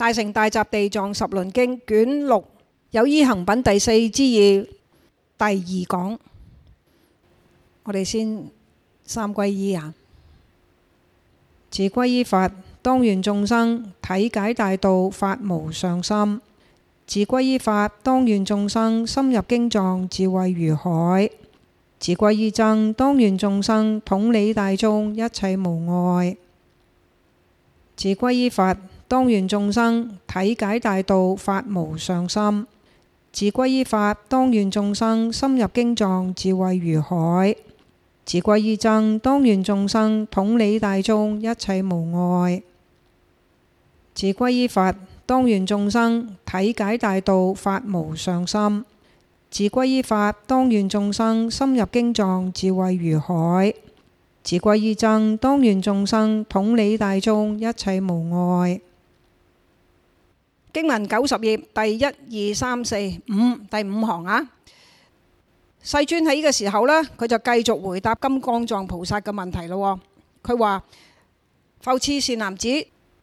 大乘大集地藏十輪經卷六，有依行品第四之二，第二講，我哋先三歸依啊！自歸依佛，當願眾生體解大道，發無上心；自歸依法，當願眾生深入經藏，智慧如海；自歸依僧，當願眾生統理大眾，一切無礙；自歸依佛。當願眾生體解大道，發無上心，自歸依法；當願眾生深入經藏，智慧如海；自歸依僧；當願眾生統理大眾，一切無礙；自歸依佛，當願眾生體解大道，發無上心，自歸依法；當願眾生深入經藏，智慧如海；自歸依僧；當願眾生統理大眾，一切無礙。經文九十頁第一二三四五，第五行啊，世尊喺呢個時候呢，佢就繼續回答金剛藏菩薩嘅問題咯。佢話：復次善男子，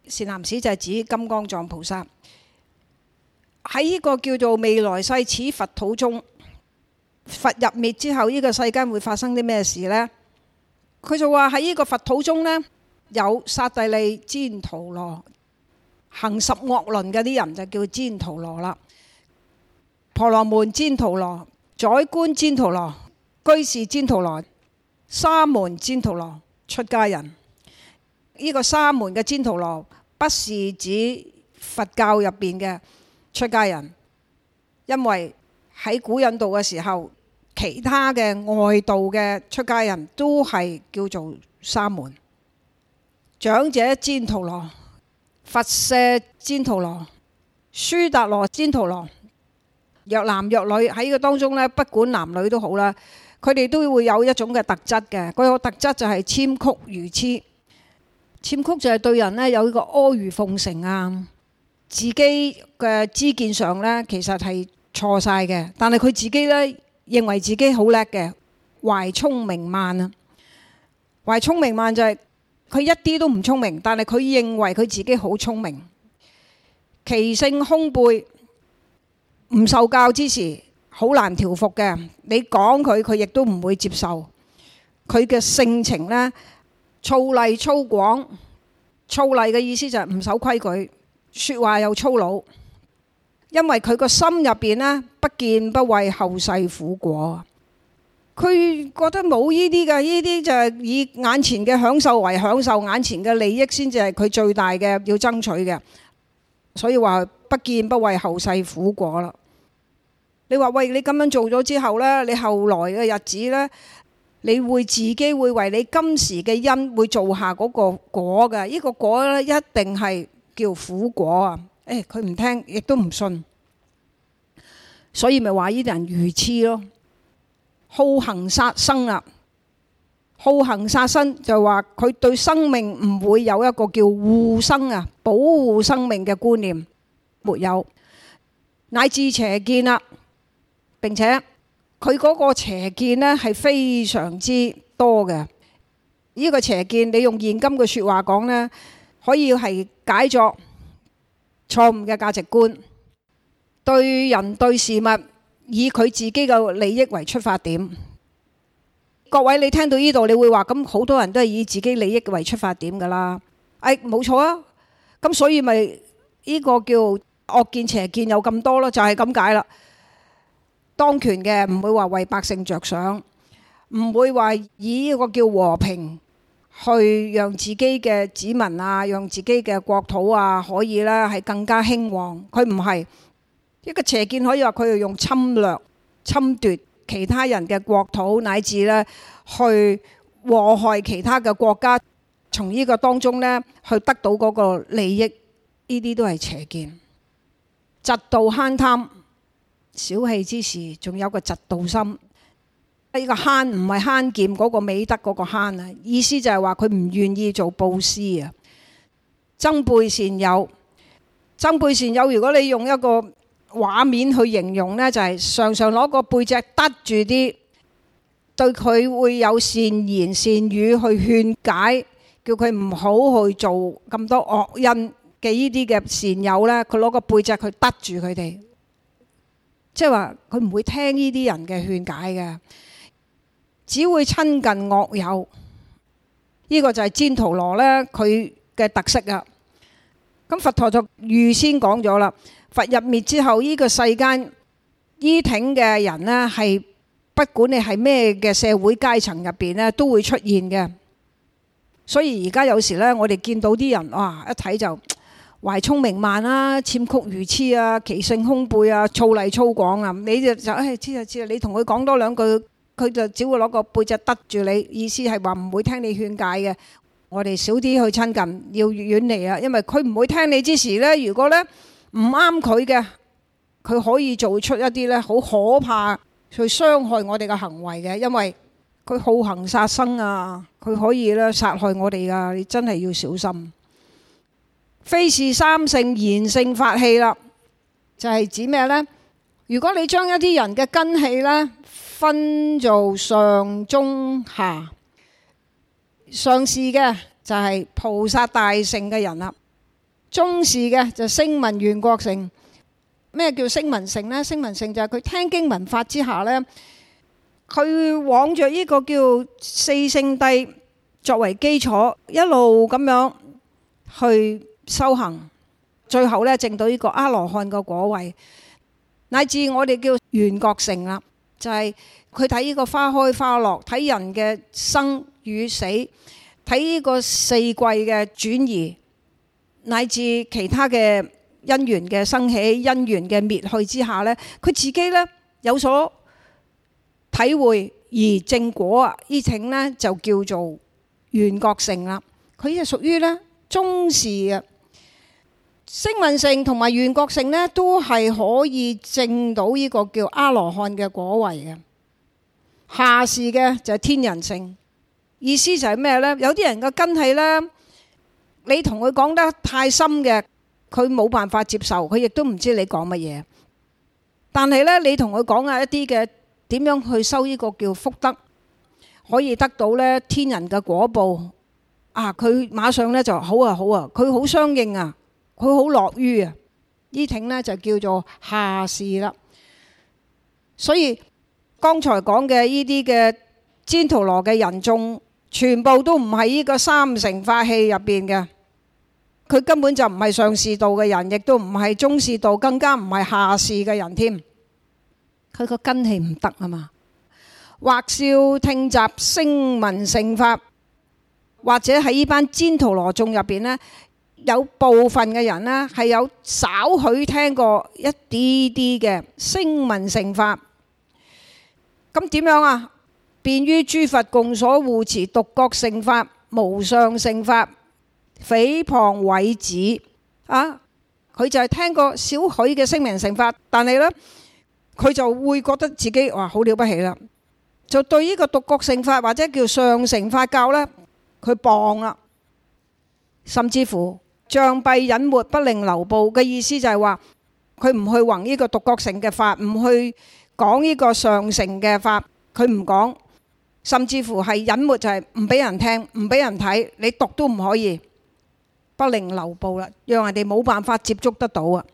善男子就係指金剛藏菩薩。喺呢個叫做未來世此佛土中，佛入滅之後呢個世間會發生啲咩事呢？佢就話喺呢個佛土中呢，有剎帝利旃荼羅。行十惡輪嘅啲人就叫旃荼羅啦，婆羅門旃荼羅、宰官旃荼羅、居士旃荼羅、沙門旃荼羅、出家人。呢個沙門嘅旃荼羅不是指佛教入邊嘅出家人，因為喺古印度嘅時候，其他嘅外道嘅出家人都係叫做沙門。長者旃荼羅。筏舍旃荼羅、戌達羅旃荼羅，若男若女，喺呢個當中呢，不管男女都好啦，佢哋都會有一種嘅特質嘅。佢個特質就係諂曲愚癡，諂曲就係對人呢有一個阿諛奉承啊，自己嘅知見上呢，其實係錯晒嘅，但係佢自己呢，認為自己好叻嘅，懷聰明慢啊，懷聰明慢就係、是。佢一啲都唔聰明，但係佢認為佢自己好聰明。其性兇悖，唔受教之時好難調服嘅。你講佢，佢亦都唔會接受。佢嘅性情呢，粗厲粗獷，粗厲嘅意思就係唔守規矩，説話又粗魯。因為佢個心入邊呢，不見不畏後世苦果。佢覺得冇呢啲嘅，呢啲就係以眼前嘅享受為享受，眼前嘅利益先至係佢最大嘅要爭取嘅，所以話不見不畏後世苦果啦。你話喂，你咁樣做咗之後呢？你後來嘅日子呢？你會自己會為你今時嘅因會做下嗰個果嘅，呢、呢個果咧一定係叫苦果啊！誒、哎，佢唔聽，亦都唔信，所以咪話呢啲人愚癡咯。好行殺生啦、啊，好行殺生就話佢對生命唔會有一個叫護生啊、保護生命嘅觀念，沒有乃至邪見啦、啊，並且佢嗰個邪見呢係非常之多嘅。呢個邪見，你用現今嘅說話講呢，可以係解作錯誤嘅價值觀，對人對事物。以佢自己嘅利益為出發點，各位你聽到呢度，你會話咁好多人都係以自己利益為出發點噶啦。哎，冇錯啊，咁所以咪呢個叫惡見邪見有咁多咯，就係、是、咁解啦。當權嘅唔會話為百姓着想，唔會話以呢個叫和平去讓自己嘅子民啊，讓自己嘅國土啊可以啦，係更加興旺，佢唔係。一個邪見可以話佢係用侵略、侵奪其他人嘅國土，乃至呢去禍害其他嘅國家，從呢個當中呢，去得到嗰個利益，呢啲都係邪見。嫉妒慳貪小氣之事，仲有個嫉妒心。呢個慳唔係慳儉嗰個美德嗰個慳啊，意思就係話佢唔願意做布施啊。憎背善友，憎背善友，如果你用一個。畫面去形容呢，就係常常攞個背脊得住啲對佢會有善言善語去勸解，叫佢唔好去做咁多惡因嘅呢啲嘅善友呢，佢攞個背脊去得住佢哋，即係話佢唔會聽呢啲人嘅勸解嘅，只會親近惡友。呢個就係旃荼羅呢，佢嘅特色啊。咁佛陀就預先講咗啦。佛入滅之後，呢、這個世間依挺嘅人呢，係不管你係咩嘅社會階層入邊咧，都會出現嘅。所以而家有時呢，我哋見到啲人哇，一睇就懷聰明慢啦，諂曲愚癡啊，其性兇悖啊，懆厲麤獷啊，你就就唉，黐就黐啊！你同佢講多兩句，佢就只會攞個背脊得住你，意思係話唔會聽你勸解嘅。我哋少啲去親近，要遠離啊，因為佢唔會聽你之時呢，如果呢……唔啱佢嘅，佢可以做出一啲咧好可怕，去傷害我哋嘅行為嘅，因為佢好行殺生啊，佢可以咧殺害我哋噶，你真係要小心。非是三乘賢聖法器啦，就係指咩咧？如果你將一啲人嘅根器咧分做上中下，上士嘅就係菩薩大聖嘅人啦。中士嘅就聲聞緣覺乘，咩叫聲聞乘呢？聲聞乘就係佢聽經聞法之下呢，佢往著呢個叫四聖諦作為基礎，一路咁樣去修行，最後呢，證到呢個阿羅漢個果位，乃至我哋叫緣覺乘啦，就係佢睇呢個花開花落，睇人嘅生與死，睇呢個四季嘅轉移。乃至其他嘅因緣嘅生起、因緣嘅滅去之下呢，佢自己呢，有所體會，而正果啊，呢種呢就叫做緣覺乘啦。佢就屬於呢中士嘅聲聞乘同埋緣覺乘呢，都係可以證到呢個叫阿羅漢嘅果位嘅。下士嘅就係天人乘，意思就係咩呢？有啲人嘅根器呢。你同佢講得太深嘅，佢冇辦法接受，佢亦都唔知你講乜嘢。但係咧，你同佢講下一啲嘅點樣去修呢個叫福德，可以得到咧天人嘅果報啊！佢馬上咧就好啊好啊，佢好相應啊，佢好樂於啊。呢挺咧就叫做下士啦。所以剛才講嘅呢啲嘅旃荼羅嘅人眾，全部都唔係呢個三乘法器入邊嘅。佢根本就唔係上士道嘅人，亦都唔係中士道，更加唔係下士嘅人添。佢個根氣唔得啊嘛！或少聽習聲聞乘法，或者喺呢班旃陀羅眾入邊咧，有部分嘅人咧係有少許聽過一啲啲嘅聲聞乘法。咁點樣啊？便於諸佛共所護持，獨覺乘法、無上乘法。誹謗毀呰啊！佢就係聽過少許嘅聲聞乘法，但係呢，佢就會覺得自己哇，好了不起啦！就對呢個獨覺乘法或者叫上乘法教呢，佢謗啦，甚至乎障蔽隱沒不令流布嘅意思就係話佢唔去弘呢個獨覺乘嘅法，唔去講呢個上乘嘅法，佢唔講，甚至乎係隱沒就係唔俾人聽，唔俾人睇，你讀都唔可以。不令流布啦，讓人哋冇辦法接觸得到啊！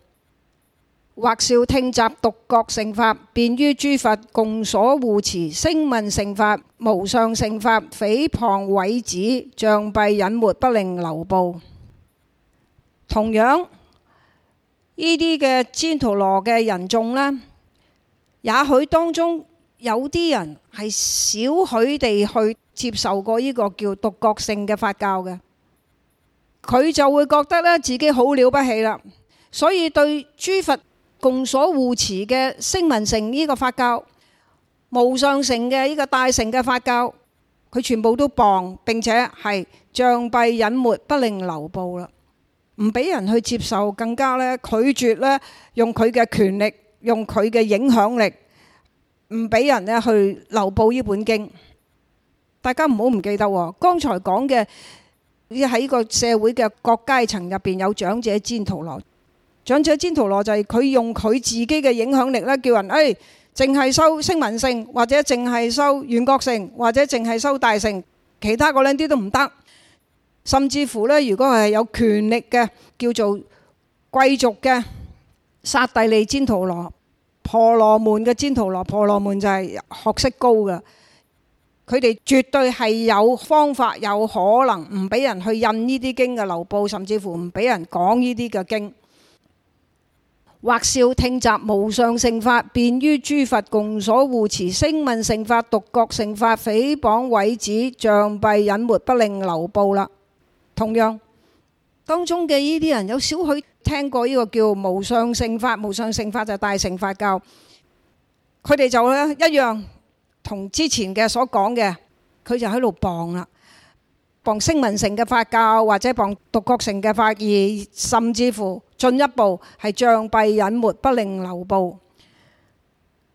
或少聽習獨角聖法，便於諸佛共所護持，聲聞聖法、無上聖法，誹謗毀止、象蔽隱沒，不令流布。同樣，呢啲嘅旃陀羅嘅人眾呢，也許當中有啲人係少許地去接受過呢個叫獨角聖嘅法教嘅。佢就會覺得咧自己好了不起啦，所以對諸佛共所護持嘅聲聞乘呢個法教，無上乘嘅呢個大乘嘅法教，佢全部都謗，並且係障蔽隱沒，不令流布啦，唔俾人去接受，更加咧拒絕咧用佢嘅權力，用佢嘅影響力，唔俾人咧去流布呢本經。大家唔好唔記得喎，剛才講嘅。喺個社會嘅各階層入邊，有長者旃荼羅，長者旃荼羅就係佢用佢自己嘅影響力呢叫人誒，淨、哎、係收聲聞乘，或者淨係收緣覺乘，或者淨係收大乘，其他嗰兩啲都唔得。甚至乎呢，如果係有權力嘅，叫做貴族嘅剎帝利旃荼羅、婆羅門嘅旃荼羅，婆羅門就係學識高嘅。佢哋絕對係有方法，有可能唔俾人去印呢啲經嘅流布，甚至乎唔俾人講呢啲嘅經。或少聽習無上乘法，便於諸佛共所護持，聲聞乘法、獨覺乘法，誹謗毀呰，障蔽隱沒，不令流布啦。同樣，當中嘅呢啲人有少許聽過呢個叫無上乘法，無上乘法就大乘法教，佢哋就咧一樣。同之前嘅所講嘅，佢就喺度謗啦，謗聲聞乘嘅法教，或者謗獨覺乘嘅法義，甚至乎進一步係障蔽隱沒，不令流布。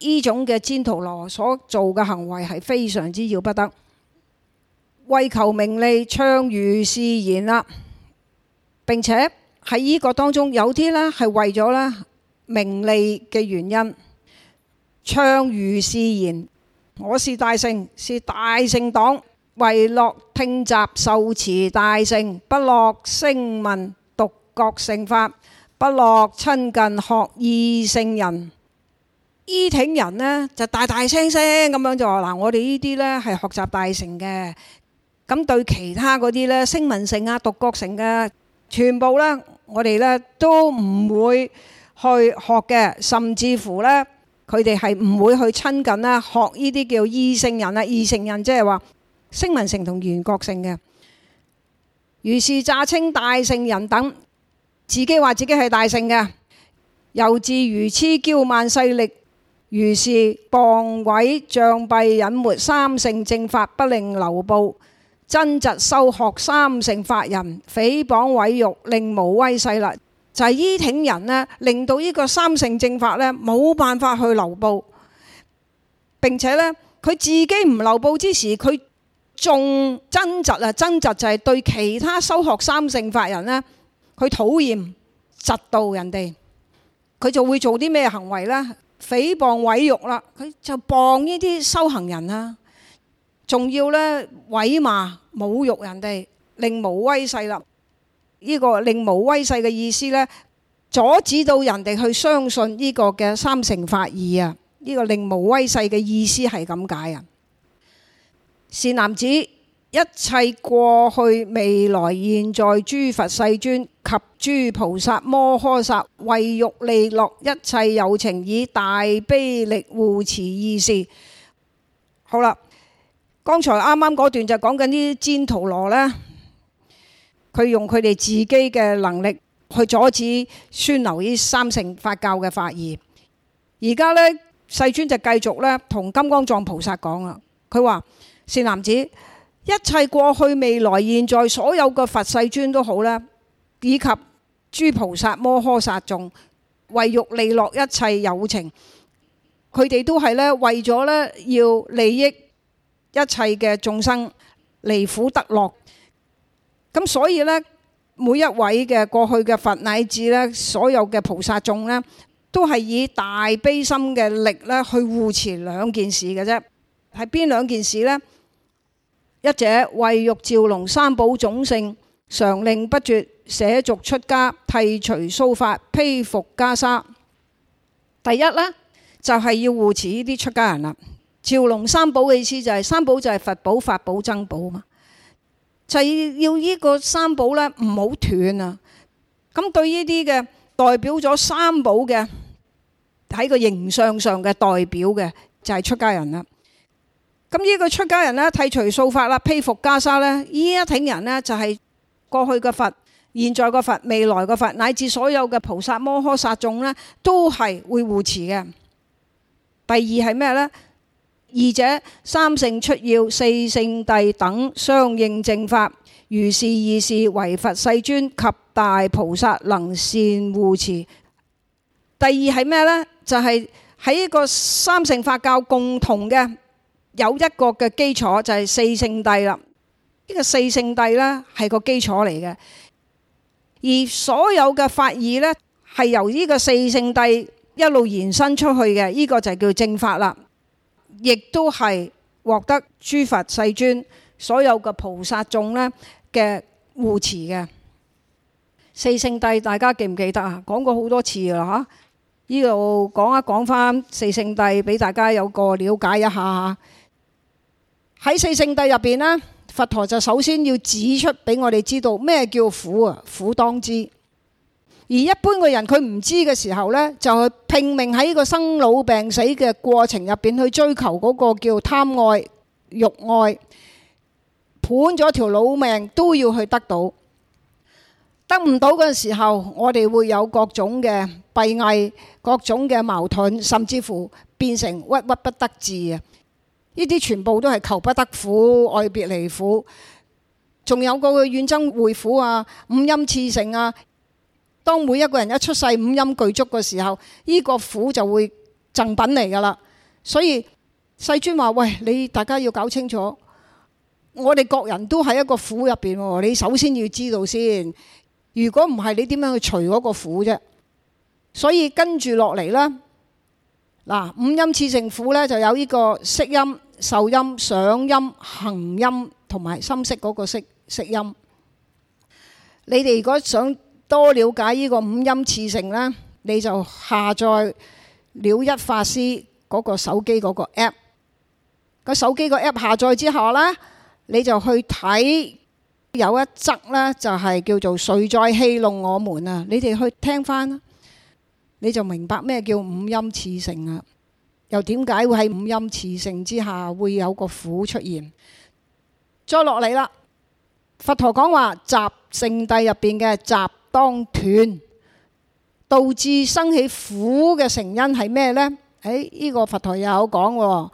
呢種嘅旃荼羅所做嘅行為係非常之要不得，為求名利，唱如是言啦，並且喺呢個當中有啲呢係為咗呢名利嘅原因，唱如是言。我是大乘，是大乘黨，唯樂聽習受持大乘，不樂聲聞獨覺乘法，不樂親近學二乘人。依挺人呢，就大大聲聲咁樣就話嗱，我哋呢啲呢，係學習大乘嘅，咁對其他嗰啲呢，聲聞乘啊、獨覺乘嘅，全部呢，我哋呢，都唔會去學嘅，甚至乎呢。佢哋係唔會去親近咧，學呢啲叫二乘人啊，二乘人即係話聲聞乘同緣覺乘嘅，如是詐稱大乘人等，自己話自己係大乘嘅，由自愚癡憍慢勢力，如是謗毀、障蔽隱沒三乘正法，不令流布，憎嫉修學三乘法人，誹謗毀辱，令無威勢啦。就係依挺人咧，令到呢個三乘正法咧冇辦法去流布。並且咧，佢自己唔流布之時，佢仲憎嫉啊！憎嫉就係對其他修學三乘法人咧，佢討厭，嫉妒人哋。佢就會做啲咩行為咧？誹謗毀辱啦，佢就謗呢啲修行人啊，仲要咧毀罵侮辱人哋，令無威勢啦。呢個令無威勢嘅意思呢，阻止到人哋去相信呢個嘅三乘法義啊！呢、呢個令無威勢嘅意思係咁解啊！善男子，一切過去、未來、現在，諸佛世尊及諸菩薩摩訶薩，為欲利樂一切有情，以大悲力護持二事。好啦，剛才啱啱嗰段就講緊呢啲旃陀羅呢。佢用佢哋自己嘅能力去阻止宣流呢三乘法教嘅法義。而家呢世尊就繼續呢同金剛藏菩薩講啦。佢話：「善男子，一切過去、未來、現在，所有嘅佛世尊都好啦，以及諸菩薩摩訶薩眾，為欲利樂一切有情，佢哋都係呢，為咗呢要利益一切嘅眾生離苦得樂。咁所以咧，每一位嘅過去嘅佛乃至咧，所有嘅菩薩眾咧，都係以大悲心嘅力咧去護持兩件事嘅啫。係邊兩件事呢？一者為欲紹隆三寶種性，常令不絕，捨俗出家，剃除鬚髮，披服袈裟。第一咧，就係、是、要護持呢啲出家人啦。紹隆三寶嘅意思就係、是、三寶就係佛寶、法寶、僧寶嘛。就要呢個三寶咧，唔好斷啊！咁對呢啲嘅代表咗三寶嘅喺個形象上嘅代表嘅就係出家人啦。咁呢個出家人咧，剃除鬚髮啦，披服袈裟咧，依一挺人呢，就係過去嘅佛、現在嘅佛、未來嘅佛，乃至所有嘅菩薩摩訶薩眾呢，都係會護持嘅。第二係咩呢？二者三乘出要四聖諦等相應正法，如是二事，唯佛世尊及大菩薩能善護持。第二係咩呢？就係喺呢個三乘法教共同嘅有一個嘅基礎就係四聖諦啦。呢、這個四聖諦呢係個基礎嚟嘅，而所有嘅法義呢係由呢個四聖諦一路延伸出去嘅，呢、這個就叫正法啦。亦都係獲得諸佛世尊所有嘅菩薩眾咧嘅護持嘅。四聖諦。大家記唔記得啊？講過好多次啦吓，呢、啊、度講一講翻四聖諦俾大家有個了解一下。喺四聖諦入邊呢，佛陀就首先要指出俾我哋知道咩叫苦啊，苦當知。而一般嘅人佢唔知嘅時候呢，就去、係、拼命喺呢個生老病死嘅過程入邊去追求嗰個叫貪愛欲愛，判咗條老命都要去得到。得唔到嘅時候，我哋會有各種嘅閉翳、各種嘅矛盾，甚至乎變成屈屈不得志啊！呢啲全部都係求不得苦、愛別離苦，仲有個怨憎會苦啊、五陰熾盛啊。當每一個人一出世五音具足嘅時候，呢個苦就會贈品嚟噶啦。所以世尊話：喂，你大家要搞清楚，我哋各人都喺一個苦入邊。你首先要知道先，如果唔係，你點樣去除嗰個苦啫？所以跟住落嚟啦，嗱五音次成苦咧，就有呢個色音、受音、想音、行音同埋深色嗰個識識音。你哋如果想，多了解呢個五陰熾盛呢，你就下載了一法師嗰個手機嗰個 app，個手機個 app 下載之後呢，你就去睇有一則呢，就係叫做誰在戲弄我們啊！你哋去聽翻，你就明白咩叫五陰熾盛啊。又點解會喺五陰熾盛之下會有個苦出現？再落嚟啦，佛陀講話集聖諦入邊嘅集。當斷，導致生起苦嘅成因係咩呢？誒、哎，呢、這個佛台有講嘅，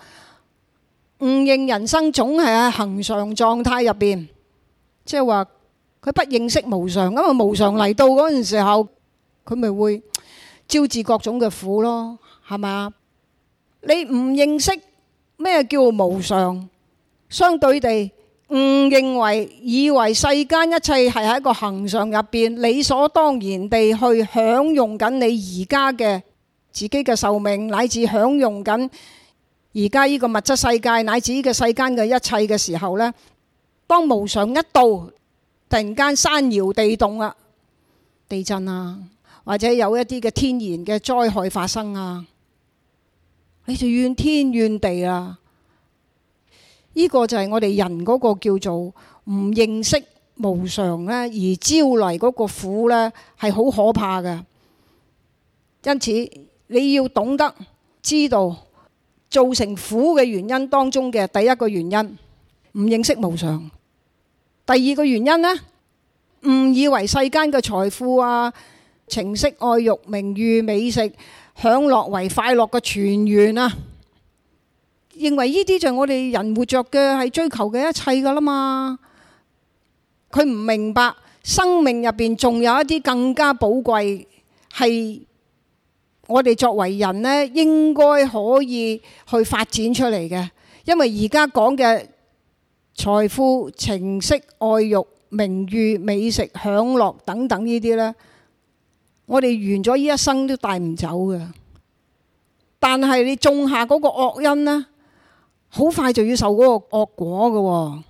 誤認人生總係喺恒常狀態入邊，即係話佢不認識無常，咁啊無常嚟到嗰陣時候，佢咪會招致各種嘅苦咯，係咪？你唔認識咩叫無常，相對地。誤認為以為世間一切係喺一個恒常入邊，理所當然地去享用緊你而家嘅自己嘅壽命，乃至享用緊而家呢個物質世界，乃至呢個世間嘅一切嘅時候呢，當無常一到，突然間山搖地動啦，地震啊，或者有一啲嘅天然嘅災害發生啊，你就怨天怨地啦、啊。呢個就係我哋人嗰個叫做唔認識無常咧，而招嚟嗰個苦咧係好可怕嘅。因此你要懂得知道造成苦嘅原因當中嘅第一個原因，唔認識無常；第二個原因咧，誤以為世間嘅財富啊、情色愛欲、名譽美食、享樂為快樂嘅泉源啊。認為呢啲就係我哋人活着嘅係追求嘅一切噶啦嘛，佢唔明白生命入邊仲有一啲更加寶貴，係我哋作為人呢應該可以去發展出嚟嘅。因為而家講嘅財富、情色、愛欲、名譽、美食、享樂等等呢啲呢，我哋完咗呢一生都帶唔走嘅。但係你種下嗰個惡因呢，好快就要受嗰個惡果㗎喎，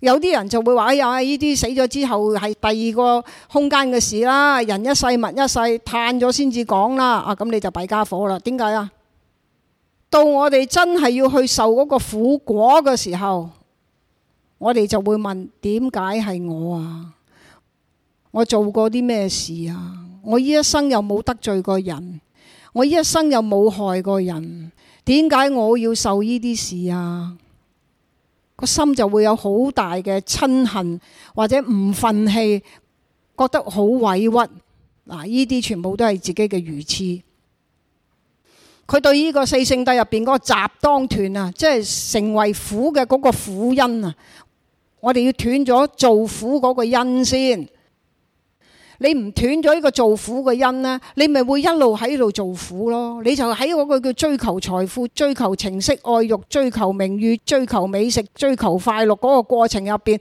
有啲人就會話：哎呀，呢啲死咗之後係第二個空間嘅事啦，人一世物一世，嘆咗先至講啦。啊，咁你就弊家伙啦。點解啊？到我哋真係要去受嗰個苦果嘅時候，我哋就會問：點解係我啊？我做過啲咩事啊？我呢一生又冇得罪過人，我一生又冇害過人。點解我要受呢啲事啊？個心就會有好大嘅嗔恨，或者唔忿氣，覺得好委屈。嗱，呢啲全部都係自己嘅愚痴。佢對呢個四聖諦入邊嗰個集當斷啊，即係成為苦嘅嗰個苦因啊！我哋要斷咗做苦嗰個因先。你唔斷咗呢個做苦嘅因呢，你咪會一路喺度做苦咯。你就喺嗰個叫追求財富、追求情色、愛欲、追求名譽、追求美食、追求快樂嗰個過程入邊，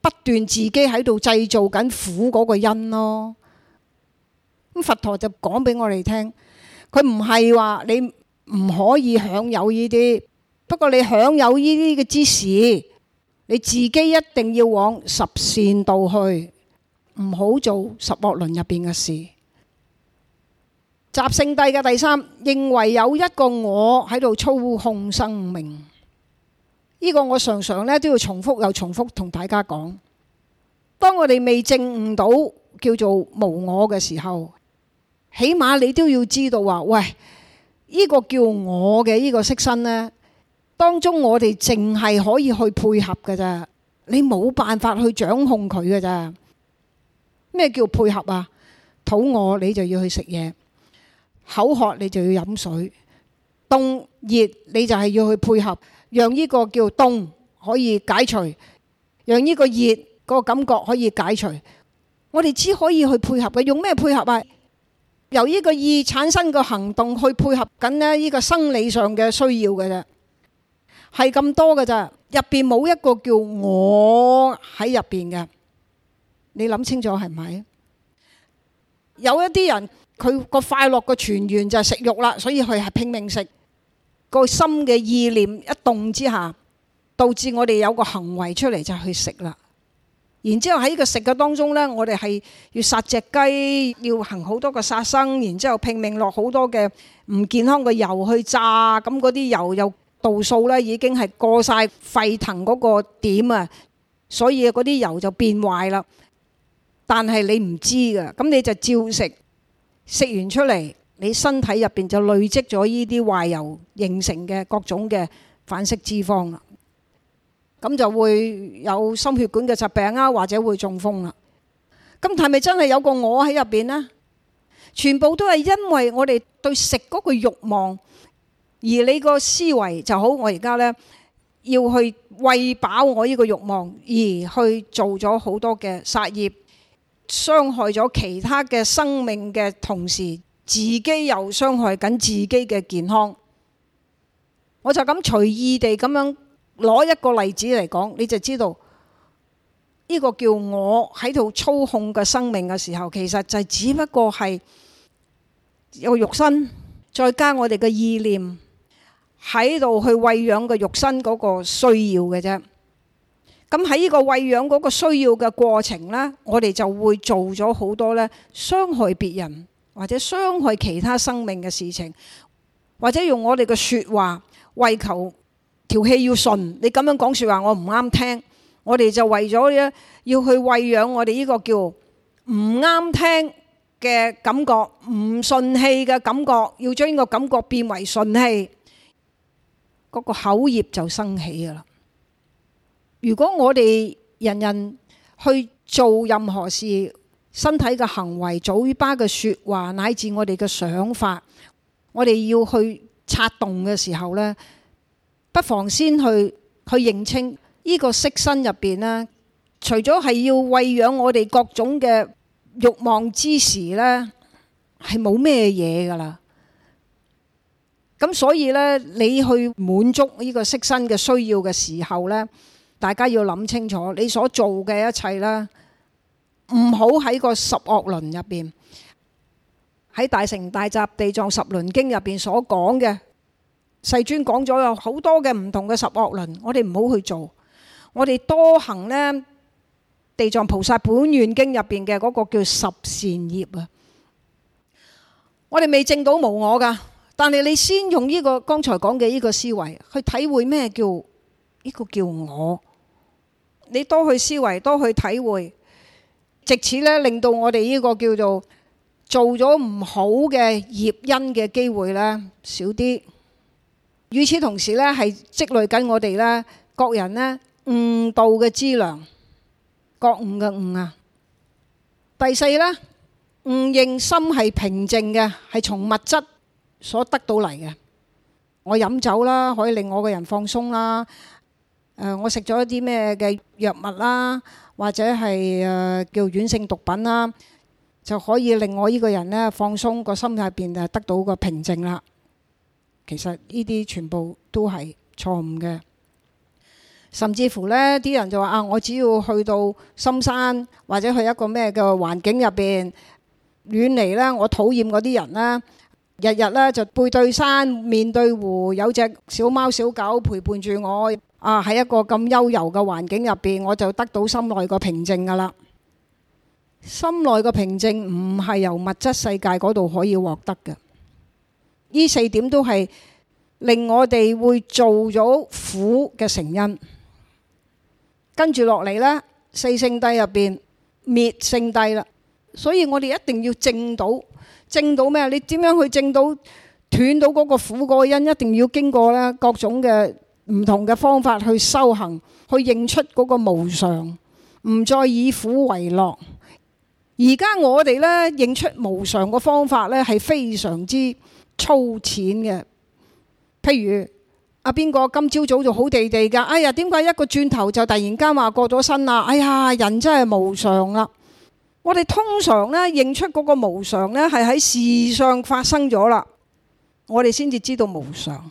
不斷自己喺度製造緊苦嗰個因咯。咁佛陀就講俾我哋聽，佢唔係話你唔可以享有呢啲，不過你享有呢啲嘅知識，你自己一定要往十善道去。唔好做十惡輪入邊嘅事。習聖諦嘅第三認為有一個我喺度操控生命，呢個我常常咧都要重複又重複同大家講。當我哋未證悟到叫做無我嘅時候，起碼你都要知道話：喂，呢個叫我嘅呢個色身呢，當中我哋淨係可以去配合嘅咋，你冇辦法去掌控佢嘅咋。咩叫配合啊？肚餓你就要去食嘢，口渴你就要飲水，凍熱你就係要去配合，讓呢個叫凍可以解除，讓呢個熱個感覺可以解除。我哋只可以去配合，用咩配合啊？由呢個意產生個行動去配合緊呢，呢個生理上嘅需要嘅啫，係咁多嘅咋，入邊冇一個叫我喺入邊嘅。你諗清楚係咪？有一啲人佢個快樂個泉源就係食肉啦，所以佢係拼命食。個心嘅意念一動之下，導致我哋有個行為出嚟就去食啦。然之後喺呢個食嘅當中呢，我哋係要殺隻雞，要行好多個殺生，然之後拼命落好多嘅唔健康嘅油去炸，咁嗰啲油又度數呢，已經係過晒沸騰嗰個點啊，所以嗰啲油就變壞啦。但係你唔知㗎，咁你就照食，食完出嚟，你身體入邊就累積咗呢啲壞油形成嘅各種嘅反式脂肪啦，咁就會有心血管嘅疾病啊，或者會中風啦。咁係咪真係有個我喺入邊呢？全部都係因為我哋對食嗰個慾望，而你個思維就好，我而家呢要去餵飽我呢個慾望，而去做咗好多嘅殺業。傷害咗其他嘅生命嘅同時，自己又傷害緊自己嘅健康。我就咁隨意地咁樣攞一個例子嚟講，你就知道呢個叫我喺度操控嘅生命嘅時候，其實就只不過係有肉身，再加我哋嘅意念喺度去餵養個肉身嗰個需要嘅啫。咁喺呢個餵養嗰個需要嘅過程呢，我哋就會做咗好多呢傷害別人或者傷害其他生命嘅事情，或者用我哋嘅説話為求條氣要順，你咁樣講説話我唔啱聽，我哋就為咗咧要去餵養我哋呢個叫唔啱聽嘅感覺，唔順氣嘅感覺，要將呢個感覺變為順氣，嗰個口業就生起㗎喇。如果我哋人人去做任何事，身體嘅行為、嘴巴嘅説話，乃至我哋嘅想法，我哋要去策動嘅時候呢，不妨先去去認清呢個色身入邊呢，除咗係要餵養我哋各種嘅慾望之時呢，係冇咩嘢噶啦。咁所以呢，你去滿足呢個色身嘅需要嘅時候呢。大家要諗清楚，你所做嘅一切啦，唔好喺個十惡輪入邊，喺大乘大集地藏十輪經入邊所講嘅，世尊講咗有好多嘅唔同嘅十惡輪，我哋唔好去做，我哋多行呢地藏菩薩本願經入邊嘅嗰個叫十善業啊，我哋未證到無我噶，但係你先用呢個剛才講嘅呢個思維去體會咩叫呢個叫我。你多去思維，多去體會，直至呢令到我哋呢個叫做做咗唔好嘅業因嘅機會呢少啲。與此同時呢，係積累緊我哋呢各人呢悟道嘅資糧，覺悟嘅悟啊。第四呢，誤認心係平靜嘅，係從物質所得到嚟嘅。我飲酒啦，可以令我個人放鬆啦。誒、呃，我食咗一啲咩嘅藥物啦，或者係誒、呃、叫軟性毒品啦，就可以令我呢個人呢放鬆個心態邊誒得到個平靜啦。其實呢啲全部都係錯誤嘅，甚至乎呢啲人就話啊，我只要去到深山或者去一個咩嘅環境入邊遠離呢我討厭嗰啲人呢，日日呢就背對山面對湖，有隻小貓小狗陪伴住我，啊！喺一個咁悠游嘅環境入邊，我就得到心內個平靜噶啦。心內個平靜唔係由物質世界嗰度可以獲得嘅。呢四點都係令我哋會做咗苦嘅成因。跟住落嚟咧，四聖諦入邊滅聖諦啦，所以我哋一定要證到，證到咩？你點樣去證到斷到嗰個苦嗰個因？一定要經過咧各種嘅。唔同嘅方法去修行，去認出嗰個無常，唔再以苦為樂。而家我哋咧認出無常嘅方法咧係非常之粗淺嘅。譬如阿邊個今朝早就好地地㗎，哎呀點解一個轉頭就突然間話過咗身啦？哎呀，人真係無常啦！我哋通常咧認出嗰個無常咧係喺事上發生咗啦，我哋先至知道無常。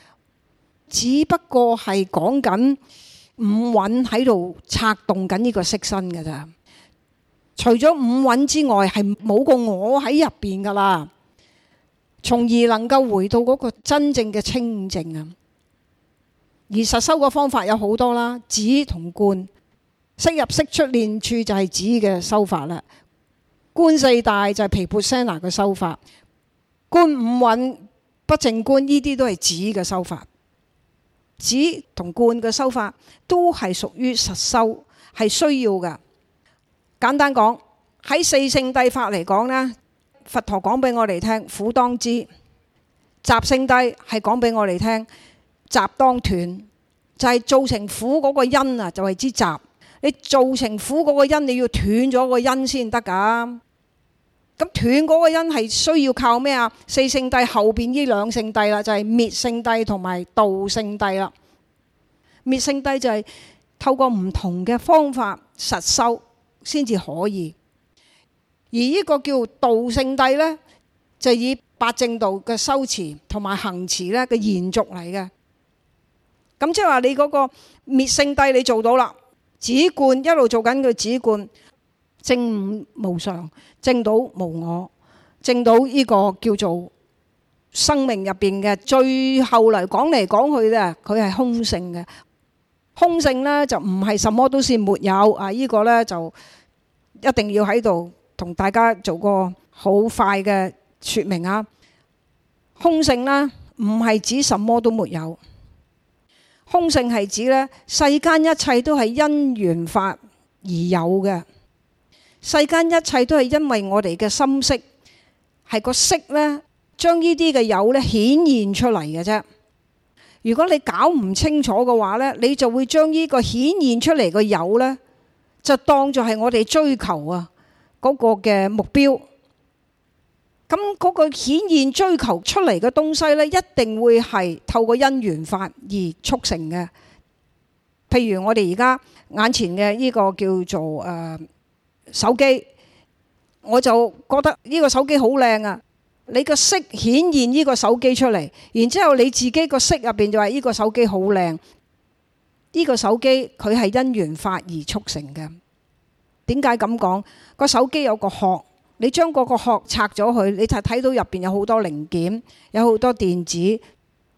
只不過係講緊五蘊喺度策動緊呢個色身嘅咋，除咗五蘊之外，係冇個我喺入邊噶啦，從而能夠回到嗰個真正嘅清淨啊！而實修嘅方法有好多啦，止同觀，息入息出念處就係止嘅修法啦，觀四大就係毗婆舍那嘅修法，觀五蘊不淨觀呢啲都係止嘅修法。止同觀嘅修法都係屬於實修，係需要嘅。簡單講，喺四聖諦法嚟講呢，佛陀講俾我哋聽，苦當知，集聖諦係講俾我哋聽，集當斷，就係造成苦嗰個因啊，就係知集。你造成苦嗰個因，你要斷咗個因先得㗎。咁斷嗰個因係需要靠咩啊？四聖諦後邊呢兩聖諦啦，就係滅聖諦同埋道聖諦啦。滅聖諦就係透過唔同嘅方法實修先至可以，而呢個叫道聖諦呢，就以八正道嘅修持同埋行持呢嘅延續嚟嘅。咁即係話你嗰個滅聖諦你做到啦，止觀一路做緊嘅止觀。正五無常，正到無我，正到呢個叫做生命入邊嘅最後嚟講嚟講去呢佢係空性嘅。空性呢就唔係什麼都是沒有啊！呢個呢就一定要喺度同大家做個好快嘅説明啊。空性呢唔係指什麼都沒有，空性係指呢：世間一切都係因緣法而有嘅。世間一切都係因為我哋嘅心識，係個識咧，將呢啲嘅有咧顯現出嚟嘅啫。如果你搞唔清楚嘅話咧，你就會將呢個顯現出嚟嘅有咧，就當作係我哋追求啊嗰個嘅目標。咁嗰個顯現追求出嚟嘅東西咧，一定會係透過因緣法而促成嘅。譬如我哋而家眼前嘅呢個叫做誒，手機，我就覺得呢個手機好靚啊！你個色顯現呢個手機出嚟，然之後你自己個色入邊就話呢個手機好靚。呢、這個手機佢係因緣法而促成嘅。點解咁講？個手機有個殼，你將嗰個殼拆咗佢，你就睇到入邊有好多零件，有好多電子。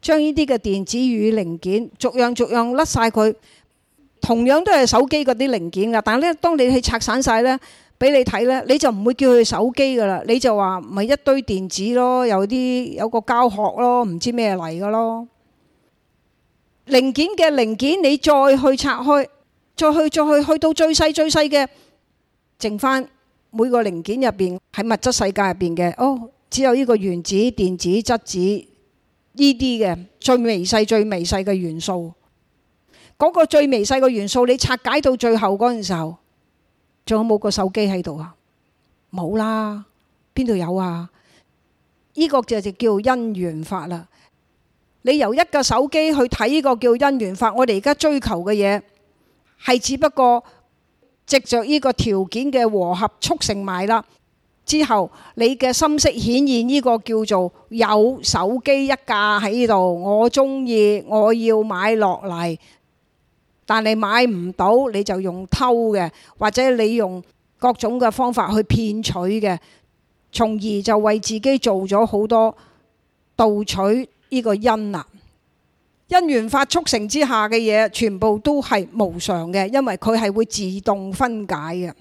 將呢啲嘅電子與零件，逐樣逐樣甩晒佢。同樣都係手機嗰啲零件噶，但係咧，當你去拆散曬咧，俾你睇咧，你就唔會叫佢手機噶啦，你就話咪一堆電子咯，有啲有個膠殼咯，唔知咩嚟噶咯。零件嘅零件，你再去拆開，再去再去，去到最細最細嘅，剩翻每個零件入邊喺物質世界入邊嘅，哦，只有呢個原子、電子、質子呢啲嘅最微細最微細嘅元素。嗰個最微細個元素，你拆解到最後嗰陣時候，仲有冇個手機喺度啊？冇啦，邊度有啊？呢、這個就就叫因緣法啦。你由一個手機去睇呢個叫因緣法，我哋而家追求嘅嘢係只不過藉着呢個條件嘅和合促成埋啦。之後你嘅心識顯現呢個叫做有手機一架喺度，我中意，我要買落嚟。但你買唔到，你就用偷嘅，或者你用各種嘅方法去騙取嘅，從而就為自己做咗好多盜取呢個因啊！因緣法促成之下嘅嘢，全部都係無常嘅，因為佢係會自動分解嘅。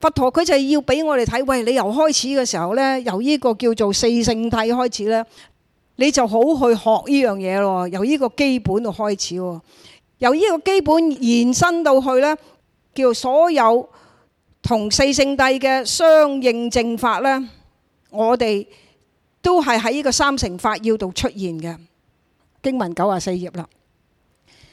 佛陀佢就要俾我哋睇，喂，你由開始嘅時候呢，由呢個叫做四聖諦開始呢，你就好去學呢樣嘢咯，由呢個基本度開始喎。由呢個基本延伸到去咧，叫做所有同四聖諦嘅相應正法咧，我哋都係喺呢個三乘法要度出現嘅經文九啊四頁啦，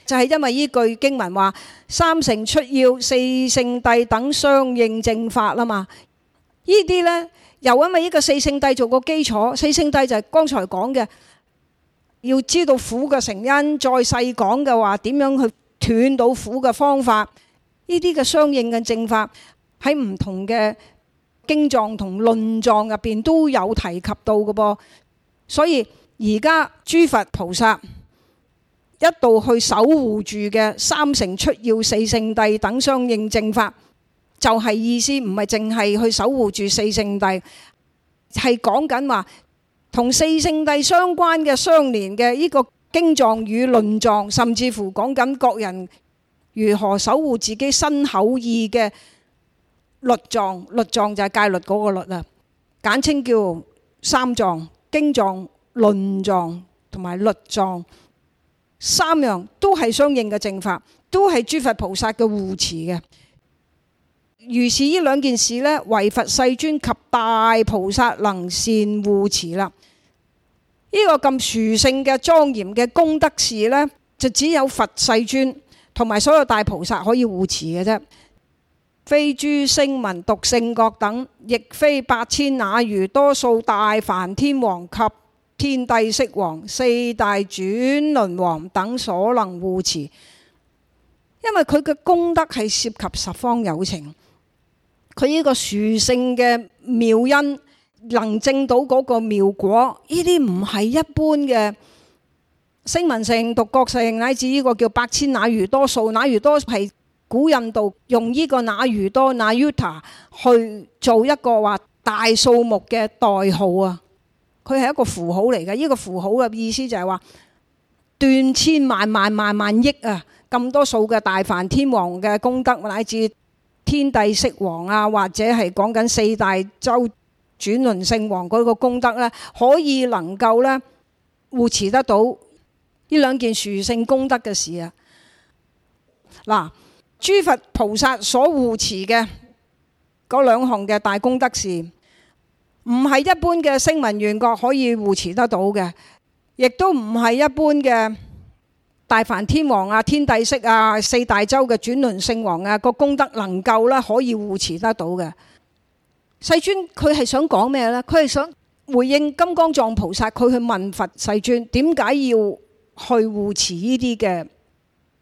就係因為呢句經文話三乘出要四聖諦等相應正法啦嘛。呢啲咧，又因為呢個四聖諦做個基礎，四聖諦就係剛才講嘅。要知道苦嘅成因，再細講嘅話，點樣去斷到苦嘅方法？呢啲嘅相應嘅正法喺唔同嘅經藏同論藏入邊都有提及到嘅噃。所以而家諸佛菩薩一度去守護住嘅三乘出要四聖諦等相應正法，就係、是、意思唔係淨係去守護住四聖諦，係講緊話。同四聖諦相關嘅相連嘅呢個經藏與論藏，甚至乎講緊各人如何守護自己身口意嘅律藏，律藏就係戒律嗰個律啦，簡稱叫三藏，經藏、論藏同埋律藏，三樣都係相應嘅正法，都係諸佛菩薩嘅護持嘅。如是呢兩件事呢唯佛世尊及大菩薩能善護持啦。呢、這個咁殊勝嘅莊嚴嘅功德事呢就只有佛世尊同埋所有大菩薩可以護持嘅啫。非諸聲聞、獨勝覺等，亦非百千那庾多數大梵天王及天帝釋王、四大轉輪王等所能護持，因為佢嘅功德係涉及十方有情。佢呢個殊勝嘅妙因，能證到嗰個妙果，呢啲唔係一般嘅聲聞性、獨覺性，乃至呢個叫百千那庾多數，那庾多係古印度用呢個那庾多 nayuta 去做一個話大數目嘅代號啊！佢係一個符號嚟嘅，呢、這個符號嘅意思就係話斷千萬萬萬萬億啊！咁多數嘅大梵天王嘅功德，乃至。天帝釋王啊，或者係講緊四大洲轉輪聖王嗰個功德咧，可以能夠咧護持得到呢兩件殊勝功德嘅事啊！嗱，諸佛菩薩所護持嘅嗰兩項嘅大功德事，唔係一般嘅聲聞緣覺可以護持得到嘅，亦都唔係一般嘅。大梵天王啊，天帝釋啊，四大洲嘅轉輪聖王啊，個功德能夠啦，可以護持得到嘅世尊。佢係想講咩呢？佢係想回應金剛藏菩薩，佢去問佛世尊點解要去護持呢啲嘅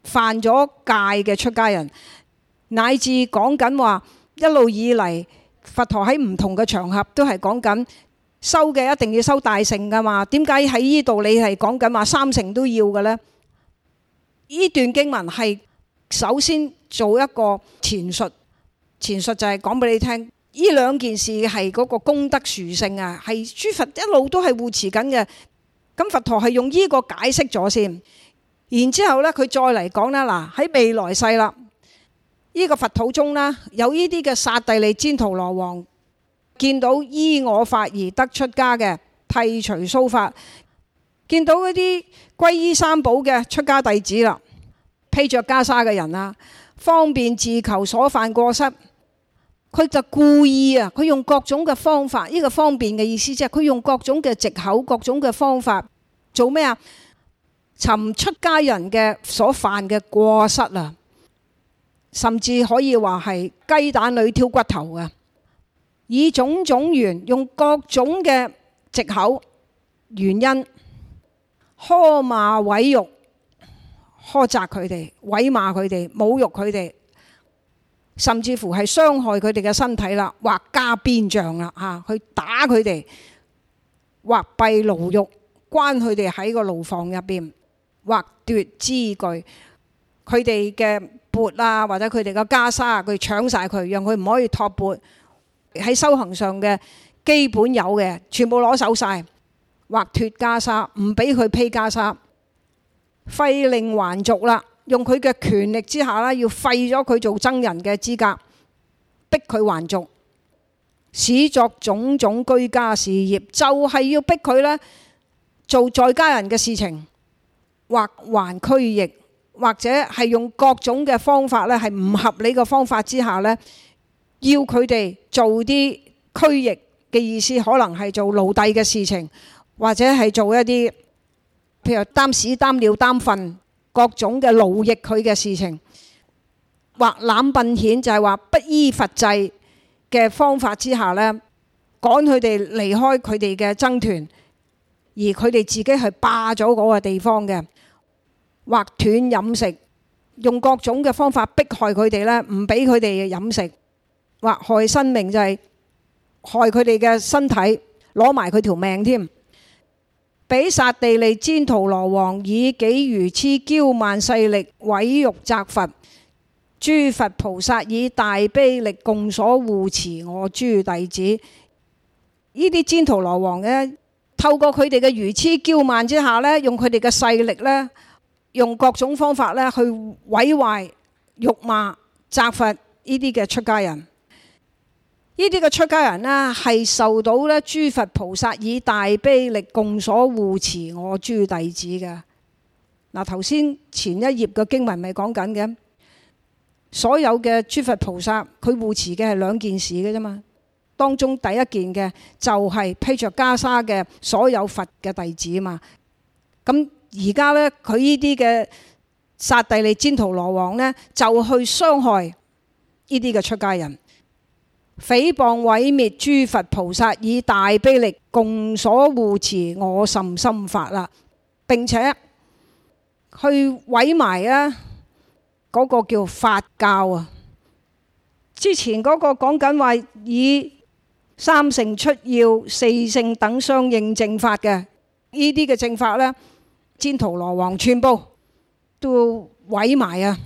犯咗戒嘅出家人，乃至講緊話一路以嚟佛陀喺唔同嘅場合都係講緊修嘅一定要修大乘㗎嘛？點解喺呢度你係講緊話三乘都要嘅呢？呢段經文係首先做一個前述，前述就係講俾你聽，呢兩件事係嗰個功德殊勝啊，係諸佛一路都係護持緊嘅。咁佛陀係用呢個解釋咗先，然之後咧佢再嚟講啦，嗱，喺未來世啦，呢個佛土中啦，有呢啲嘅剎帝利旃荼羅王見到依我法而得出家嘅剃除鬚髮，見到嗰啲。皈依三寶嘅出家弟子啦，披着袈裟嘅人啦，方便伺求所犯過失，佢就故意啊！佢用各種嘅方法，呢個方便嘅意思即係佢用各種嘅借口、各種嘅方法做咩啊？尋出家人嘅所犯嘅過失啊，甚至可以話係雞蛋裏挑骨頭啊！以種種緣，用各種嘅借口原因。.呵罵毀辱，苛責佢哋，毀罵佢哋，侮辱佢哋，甚至乎係傷害佢哋嘅身體啦，或加鞭杖啦，吓、啊、去打佢哋，或閉牢獄關佢哋喺個牢房入邊，或奪資具，佢哋嘅缽啊或者佢哋嘅袈裟，佢搶晒佢，讓佢唔可以托缽，喺修行上嘅基本有嘅，全部攞走晒。或脫袈裟，唔俾佢披袈裟，廢令還俗啦。用佢嘅權力之下呢，要廢咗佢做僧人嘅資格，逼佢還俗，使作種種居家事業，就係、是、要逼佢呢做在家人嘅事情，或橫驅役，或者係用各種嘅方法，呢係唔合理嘅方法之下呢要佢哋做啲驅役嘅意思，可能係做奴隸嘅事情。或者係做一啲譬如擔屎、擔尿、擔糞各種嘅奴役佢嘅事情，或濫擯遣就係話不依佛制嘅方法之下呢趕佢哋離開佢哋嘅僧團，而佢哋自己係霸咗嗰個地方嘅，或斷飲食，用各種嘅方法逼害佢哋呢唔俾佢哋飲食，或害生命就係害佢哋嘅身體，攞埋佢條命添。彼剎帝利旃荼羅王以己愚癡憍慢勢力毀辱讁罰，諸佛菩薩以大悲力共所護持我諸弟子。呢啲旃荼羅王咧，透過佢哋嘅愚癡憍慢之下咧，用佢哋嘅勢力咧，用各種方法咧去毀壞辱罵讁罰呢啲嘅出家人。呢啲嘅出家人咧，係受到咧諸佛菩薩以大悲力共所護持我諸弟子嘅。嗱，頭先前一頁嘅經文咪講緊嘅，所有嘅諸佛菩薩佢護持嘅係兩件事嘅啫嘛。當中第一件嘅就係披着袈裟嘅所有佛嘅弟子啊嘛。咁而家咧，佢呢啲嘅剎帝利旃荼羅王呢，就去傷害呢啲嘅出家人。誹謗毀滅諸佛菩薩，以大悲力共所護持我甚深法啦，並且去毀埋啊嗰個叫法教啊！之前嗰個講緊話，以三乘出要四聖等相應正法嘅呢啲嘅正法呢，「旃荼羅王全部」都毀埋啊！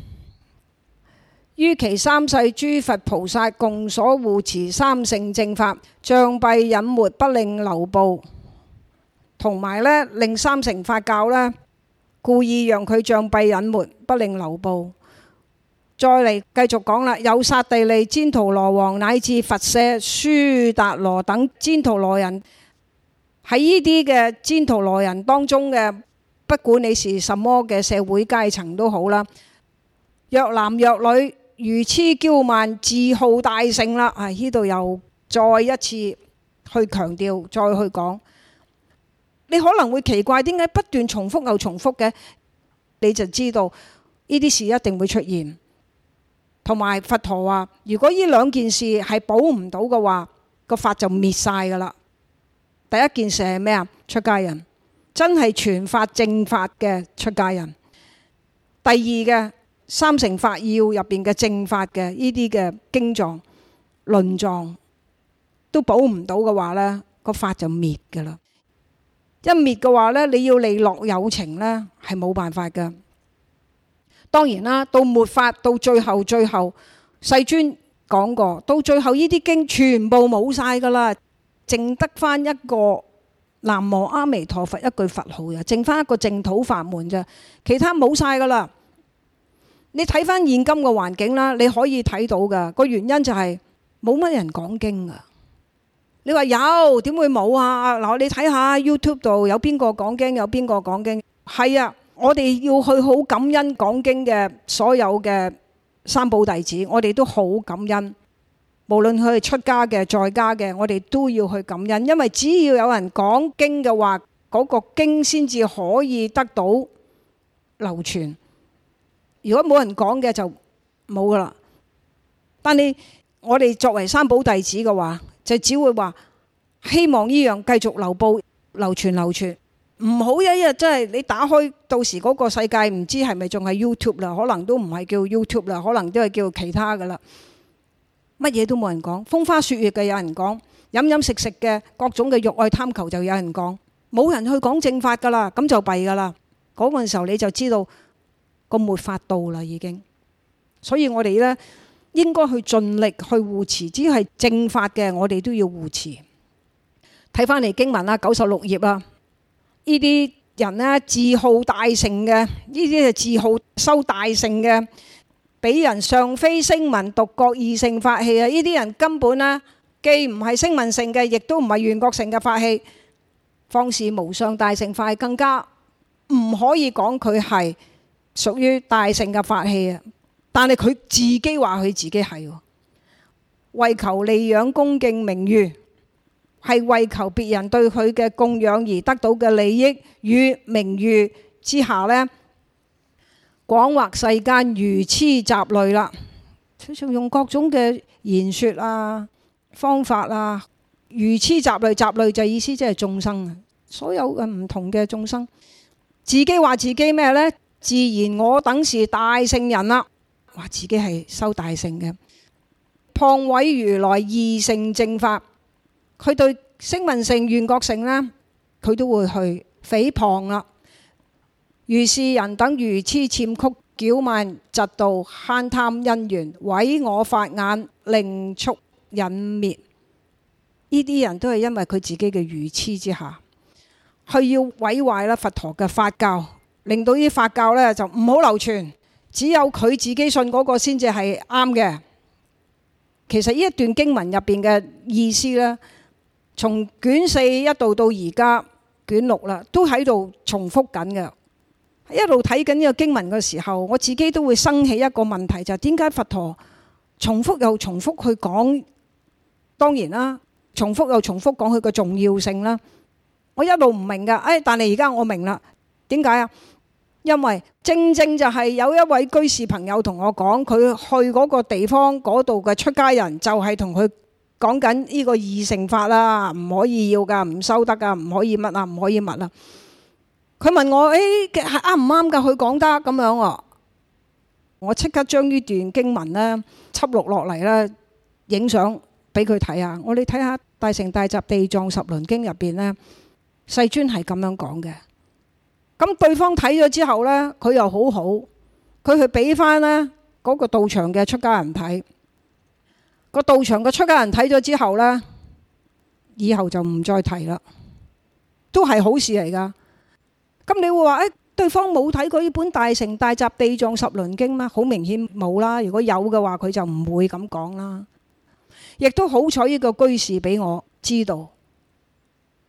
於其三世，諸佛菩薩共所護持三乘正法，障蔽隱沒，不令流布。同埋呢令三乘法教呢，故意讓佢障蔽隱沒，不令流布。再嚟繼續講啦，有剎帝利、旃荼羅王乃至筏舍、戌達羅等旃荼羅人，喺呢啲嘅旃荼羅人當中嘅，不管你是什麼嘅社會階層都好啦，若男若女。如此驕慢、自號大乘啦！啊，呢度又再一次去強調，再去講。你可能會奇怪點解不斷重複又重複嘅，你就知道呢啲事一定會出現。同埋佛陀話：如果呢兩件事係保唔到嘅話，個法就滅晒噶啦。第一件事係咩啊？出家人真係全法正法嘅出家人。第二嘅。三乘法要入面嘅正法嘅呢啲嘅經藏論藏都補唔到嘅話咧，個法就滅噶啦。一滅嘅話咧，你要利樂有情咧，係冇辦法噶。當然啦，到末法到最後最後，世尊講過，到最後呢啲經全部冇曬噶啦，剩得翻一個南無阿彌陀佛一句佛號啫，剩翻一個淨土法門啫，其他冇曬噶啦。你睇翻現今個環境啦，你可以睇到噶個原因就係冇乜人講經噶。你話有點會冇啊？嗱，你睇下 YouTube 度有邊個講經，有邊個講經？係啊，我哋要去好感恩講經嘅所有嘅三寶弟子，我哋都好感恩。無論佢係出家嘅、在家嘅，我哋都要去感恩，因為只要有人講經嘅話，嗰個經先至可以得到流傳。如果冇人講嘅就冇噶啦，但你我哋作為三寶弟子嘅話，就只會話希望呢樣繼續流布、流傳、流傳，唔好一日真係你打開到時嗰個世界唔知係咪仲係 YouTube 啦，可能都唔係叫 YouTube 啦，可能都係叫其他噶啦，乜嘢都冇人講，風花雪月嘅有人講，飲飲食食嘅各種嘅慾愛貪求就有人講，冇人去講正法噶啦，咁就弊噶啦，嗰個時候你就知道。個沒法度啦，已經，所以我哋呢，應該去盡力去護持，只要係正法嘅，我哋都要護持。睇翻嚟經文啦，九十六頁啊，呢啲人呢，自號大乘嘅，呢啲係自號修大乘嘅，彼人尚非聲聞獨覺二乘法器啊！呢啲人根本呢既唔係聲聞乘嘅，亦都唔係緣覺乘嘅法器，況是無上大乘法器，更加唔可以講佢係。屬於大乘嘅法器啊！但係佢自己話佢自己係，為求利養、恭敬、名譽，係為求別人對佢嘅供養而得到嘅利益與名譽之下呢，誑惑世間愚癡雜類啦。佢就用各種嘅言説啊、方法啊，愚癡雜類雜類就意思即係眾生啊，所有嘅唔同嘅眾生，自己話自己咩呢？自言我等是大乘人啦，話自己係修大乘嘅。謗毀如來二乘正，正法，佢對聲聞乘、緣覺乘呢，佢都會去詆譭啦。如是人等愚痴諂曲，憍慢嫉妒，慳貪因緣，毀我法眼，令速隱滅。呢啲人都係因為佢自己嘅愚痴之下，佢要毀壞啦佛陀嘅法教。令到依啲佛教咧就唔好流傳，只有佢自己信嗰個先至係啱嘅。其實呢一段經文入邊嘅意思咧，從卷四一度到而家卷六啦，都喺度重複緊嘅。一路睇緊呢個經文嘅時候，我自己都會生起一個問題，就係點解佛陀重複又重複去講？當然啦，重複又重複講佢個重要性啦。我一路唔明噶，誒、哎，但係而家我明啦。點解啊？因為正正就係有一位居士朋友同我講，佢去嗰個地方嗰度嘅出家人就係同佢講緊呢個二乘法啦，唔可以要噶，唔收得噶，唔可以乜啊，唔可以乜啦。佢問我誒，啱唔啱噶？佢講得咁樣，我即刻將呢段經文呢輯錄落嚟咧，影相俾佢睇啊。我哋睇下《大乘大集地藏十輪經》入邊呢，世尊係咁樣講嘅。咁對方睇咗之後咧，佢又好好，佢去俾翻咧嗰個道場嘅出家人睇，個道場嘅出家人睇咗之後咧，以後就唔再提啦，都係好事嚟噶。咁你會話誒、哎，對方冇睇過呢本《大乘大集地藏十輪經》咩？好明顯冇啦。如果有嘅話，佢就唔會咁講啦。亦都好彩，呢個居士俾我知道。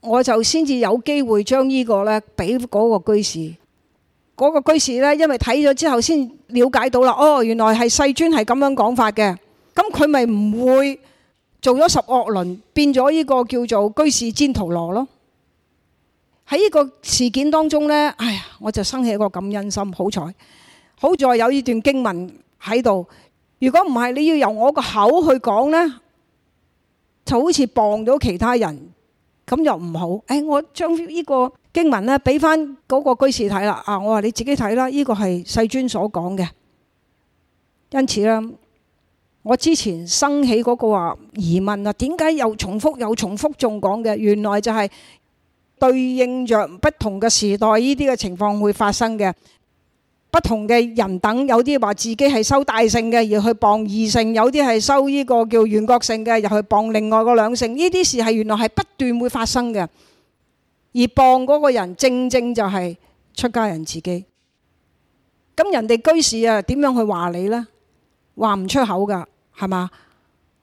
我就先至有機會將依個咧俾嗰個居士，嗰個居士咧，因為睇咗之後先瞭解到啦，哦，原來係世尊係咁樣講法嘅，咁佢咪唔會做咗十惡輪，變咗依個叫做居士旃荼羅咯？喺依個事件當中咧，哎呀，我就生起一個感恩心。好彩，好在有依段經文喺度。如果唔係，你要由我個口去講咧，就好似傍到其他人。咁又唔好，誒、哎！我將呢個經文咧，俾翻嗰個居士睇啦。啊，我話你自己睇啦，呢個係世尊所講嘅。因此咧，我之前生起嗰個話疑問啦，點解又重複又重複仲講嘅？原來就係對應着不同嘅時代，依啲嘅情況會發生嘅。不同嘅人等，有啲話自己係修大乘嘅，而去謗二乘；有啲係修呢個叫緣覺乘嘅，而去謗另外個兩乘。呢啲事係原來係不斷會發生嘅，而謗嗰個人正正就係出家人自己。咁人哋居士啊，點樣去話你呢？話唔出口噶，係嘛？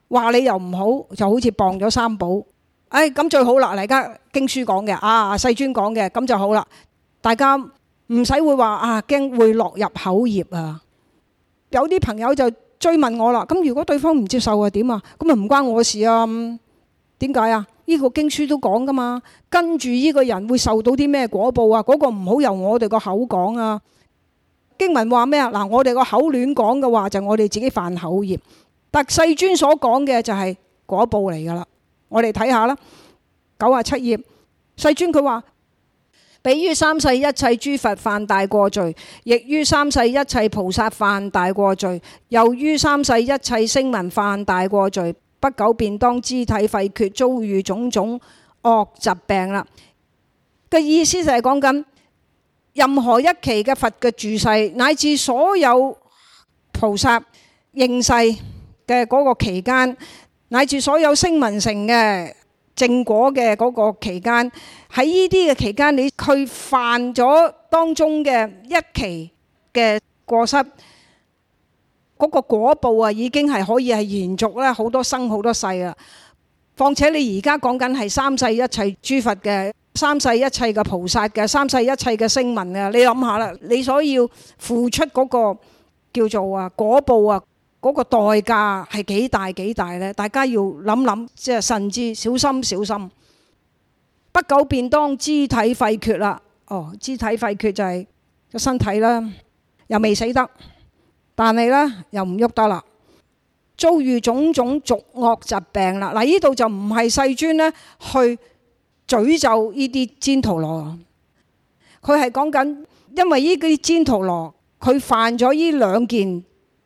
話你又唔好，就好似謗咗三寶。哎，咁最好啦，嚟家經書講嘅，啊，世尊講嘅，咁就好啦，大家。唔使會話啊，驚會落入口業啊！有啲朋友就追問我啦，咁如果對方唔接受啊，點啊？咁啊唔關我事啊？點解啊？呢個經書都講噶嘛，跟住呢個人會受到啲咩果報啊？嗰個唔好由我哋個口講啊！經文話咩啊？嗱，我哋個口亂講嘅話，就係我哋自己犯口業。但世尊所講嘅就係果報嚟噶啦，我哋睇下啦，九啊七頁，世尊佢話。彼於三世一切諸佛犯大過罪，亦於三世一切菩薩犯大過罪，又於三世一切聲聞犯大過罪，不久便當肢體廢缺，遭遇種種惡疾病啦。嘅意思就係講緊任何一期嘅佛嘅住世，乃至所有菩薩應世嘅嗰個期間，乃至所有聲聞成嘅。正果嘅嗰個期間，喺呢啲嘅期間，你佢犯咗當中嘅一期嘅過失，嗰個果報啊，已經係可以係延續咧好多生好多世啊。況且你而家講緊係三世一切諸佛嘅、三世一切嘅菩薩嘅、三世一切嘅聲聞啊，你諗下啦，你所要付出嗰個叫做啊果報啊。嗰個代價係幾大幾大咧？大家要諗諗，即係慎之小心小心。不久便當肢體廢缺啦，哦，肢體廢缺就係個身體啦，又未死得，但係咧又唔喐得啦，遭遇種種重惡疾病啦。嗱，依度就唔係世尊咧去詛咒依啲旃荼羅，佢係講緊，因為依啲旃荼羅佢犯咗依兩件。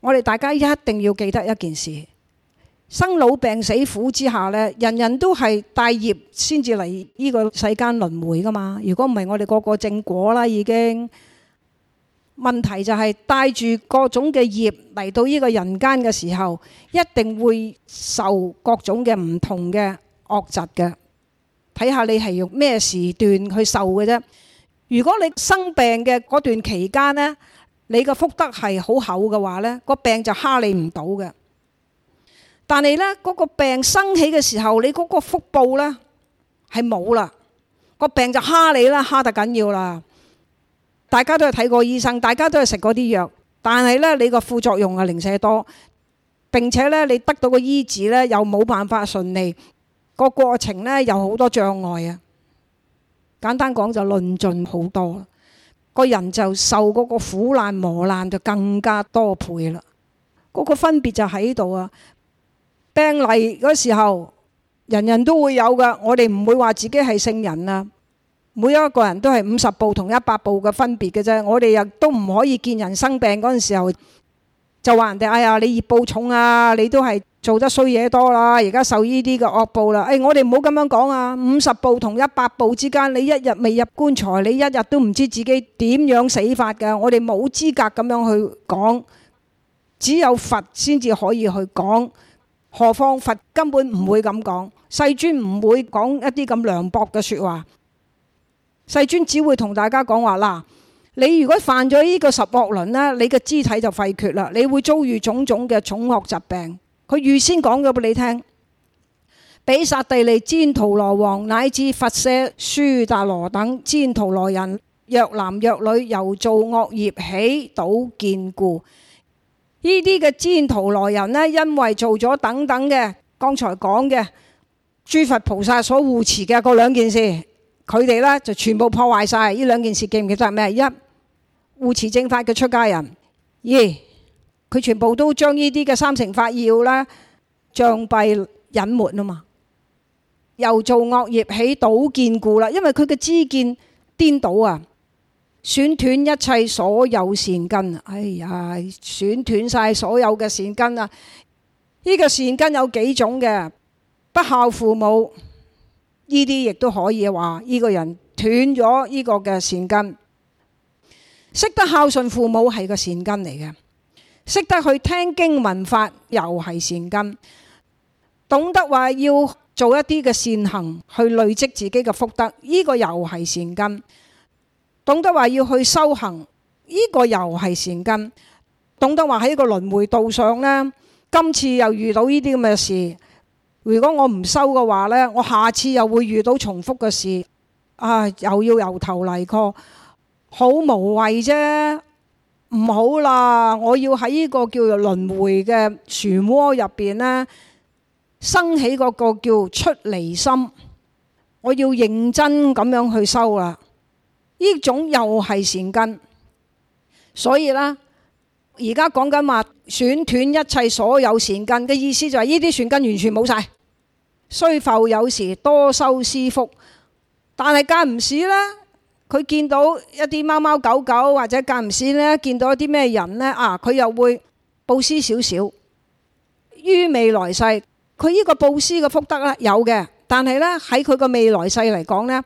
我哋大家一定要記得一件事：生老病死苦之下咧，人人都係帶業先至嚟呢個世間輪迴㗎嘛。如果唔係，我哋個個正果啦已經，問題就係帶住各種嘅業嚟到呢個人間嘅時候，一定會受各種嘅唔同嘅惡疾㗎。睇下你係用咩時段去受嘅啫。如果你生病嘅嗰段期間呢，你個福德係好厚嘅話呢、呢個病就蝦你唔到嘅。但係呢嗰、嗰個病生起嘅時候，你嗰個福報呢係冇啦，個病就蝦你啦，蝦得緊要啦。大家都係睇過醫生，大家都係食嗰啲藥，但係呢，你個副作用啊零舍多，並且呢，你得到個醫治呢又冇辦法順利，個過程呢，有好多障礙啊。簡單講就論盡好多。個人就受嗰個苦難磨難就更加多倍啦，嗰、嗰個分別就喺度啊！病嚟嗰時候，人人都會有噶，我哋唔會話自己係聖人啦。每一個人都係五十步同一百步嘅分別嘅啫，我哋又都唔可以見人生病嗰陣時候就話人哋哎呀你熱報重啊，你都係。做得衰嘢多啦，而家受呢啲嘅惡報啦。誒、哎，我哋唔好咁樣講啊！五十步同一百步之間，你一日未入棺材，你一日都唔知自己點樣死法嘅。我哋冇資格咁樣去講，只有佛先至可以去講。何況佛根本唔會咁講，世尊唔會講一啲咁涼薄嘅説話。世尊只會同大家講話啦。你如果犯咗呢個十惡輪呢，你嘅肢體就廢缺啦，你會遭遇種種嘅重惡疾病。佢預先講咗俾你聽，比薩地利、旃荼羅王乃至筏舍、戌達羅等旃荼羅人，若男若女，由做惡業，起倒見故。呢啲嘅旃荼羅人呢，因為做咗等等嘅，剛才講嘅諸佛菩薩所護持嘅嗰兩件事，佢哋呢就全部破壞晒。呢兩件事，記唔記得係咩？一護持正法嘅出家人，二。佢全部都將呢啲嘅三乘法要啦、障蔽隱沒啊嘛，又做惡業起倒見故啦，因為佢嘅知見顛倒啊，損斷一切所有善根。哎呀，損斷晒所有嘅善根啊！呢個善根有幾種嘅？不孝父母，呢啲亦都可以話呢個人斷咗呢個嘅善根。識得孝順父母係個善根嚟嘅。識得去聽經聞法，又係善根；懂得話要做一啲嘅善行，去累積自己嘅福德，呢個又係善根；懂得話要去修行，呢個又係善根；懂得話喺個輪迴道上，呢今次又遇到呢啲咁嘅事，如果我唔修嘅話，呢我下次又會遇到重複嘅事，啊，又要由頭嚟過，好無謂啫。唔好啦，我要喺呢個叫做輪迴嘅漩渦入邊呢，生起嗰個叫出離心，我要認真咁樣去修啦。呢種又係善根，所以呢，而家講緊話損斷一切所有善根嘅意思就係呢啲善根完全冇晒，雖復有時多修施福，但係間唔時咧。佢見到一啲貓貓狗狗，或者間唔時咧見到一啲咩人咧啊，佢又會布施少少。於未來世，佢呢個布施嘅福德咧有嘅，但係咧喺佢個未來世嚟講咧，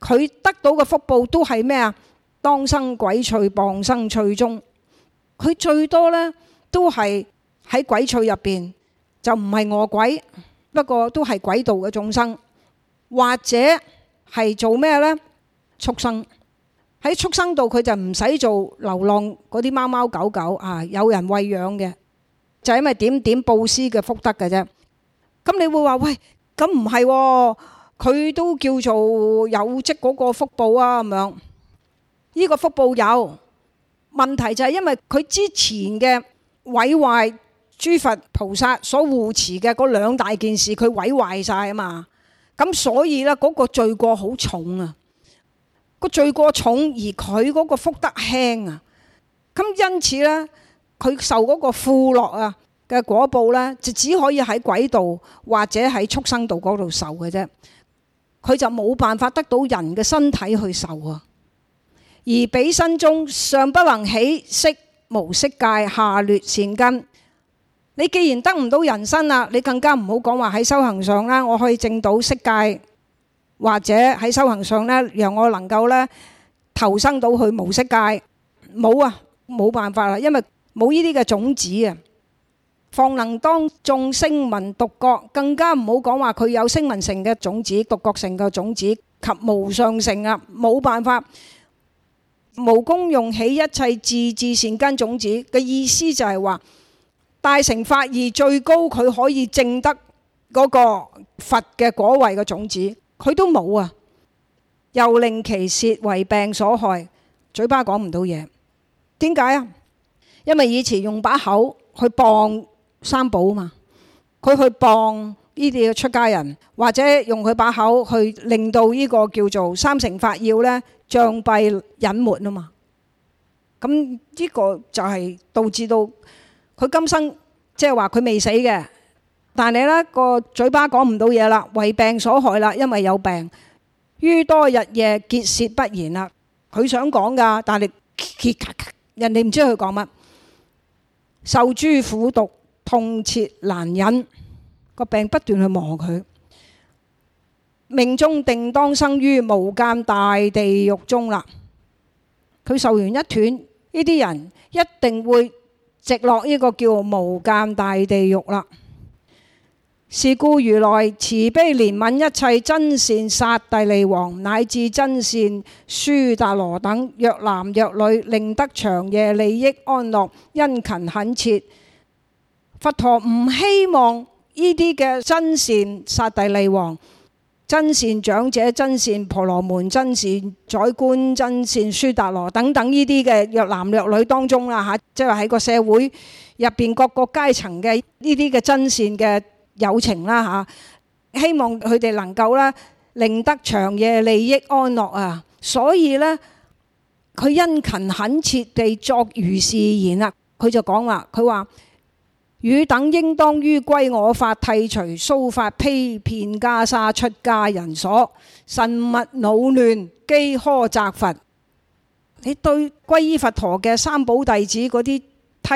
佢得到嘅福報都係咩啊？當生鬼趣傍生趣中，佢最多咧都係喺鬼趣入邊，就唔係餓鬼，不過都係鬼道嘅眾生，或者係做咩咧？畜生喺畜生度，佢就唔使做流浪嗰啲貓貓狗狗啊，有人餵養嘅，就係因為點點布施嘅福德嘅啫。咁你會話喂，咁唔係？佢都叫做有積嗰個福報啊，咁樣呢個福報有問題就係因為佢之前嘅毀壞諸佛菩薩所護持嘅嗰兩大件事，佢毀壞晒啊嘛，咁所以咧嗰個罪過好重啊。個罪過重而佢嗰個福德輕啊，咁因此咧，佢受嗰個富樂啊嘅果報咧，就只可以喺鬼道或者喺畜生道嗰度受嘅啫。佢就冇辦法得到人嘅身體去受啊。而彼身中尚不能起色無色界下劣善根，你既然得唔到人身啦，你更加唔好講話喺修行上啦，我可以證到色界。或者喺修行上呢，讓我能夠呢，投生到去無色界，冇啊，冇辦法啦，因為冇呢啲嘅種子啊，況當能種聲聞獨覺。更加唔好講話，佢有聲聞乘嘅種子、獨覺乘嘅種子及無上乘啊，冇辦法。無功用起一切智智善根種子嘅意思就係話大乘法義最高，佢可以證得嗰個佛嘅果位嘅種子。佢都冇啊，又令其舌為病所害，嘴巴講唔到嘢。點解啊？因為以前用把口去謗三寶啊嘛，佢去謗呢啲嘅出家人，或者用佢把口去令到呢個叫做三乘法要咧，障蔽隱沒啊嘛。咁呢個就係導致到佢今生即係話佢未死嘅。但你呢個嘴巴講唔到嘢啦，為病所害啦，因為有病，於多日夜結舌不言啦。佢想講噶，但係人哋唔知佢講乜，受諸苦毒痛切難忍，個病不斷去磨佢，命終定當生於無間大地獄中啦。佢受完一段，呢啲人一定會直落呢個叫無間大地獄啦。是故如來慈悲憐憫一切真善剎帝利王，乃至真善戌達羅等，若男若女，令得長夜利益安樂，殷勤懇切。佛陀唔希望呢啲嘅真善剎帝利王、真善長者、真善婆羅門、真善宰官、真善戌達羅等等呢啲嘅若男若女當中啦嚇，即係喺個社會入邊各個階層嘅呢啲嘅真善嘅。有情啦吓，希望佢哋能夠啦，令得長夜利益安樂啊。所以咧，佢殷勤懇切地作如是言啊，佢就講啦，佢話汝等應當於歸我法，剃除鬚髮，被片袈裟，出家人所，慎勿惱亂，譏呵讁罰。你對歸依佛陀嘅三寶弟子嗰啲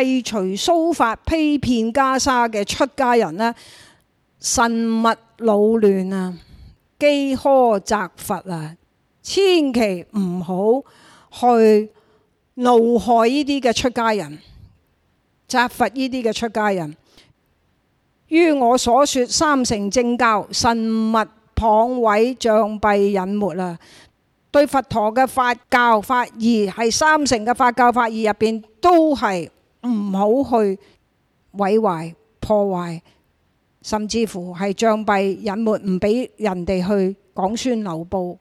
剃除鬚髮，被片袈裟嘅出家人咧。慎勿惱亂啊！譏呵讁罰啊！千祈唔好去怒害呢啲嘅出家人，讁罰呢啲嘅出家人。於我所説三乘正教，慎勿謗毀障蔽隱沒啊！對佛陀嘅法教法義係三乘嘅法教法義入邊，都係唔好去毀壞破壞。甚至乎係障蔽隱沒，唔俾人哋去講宣流布。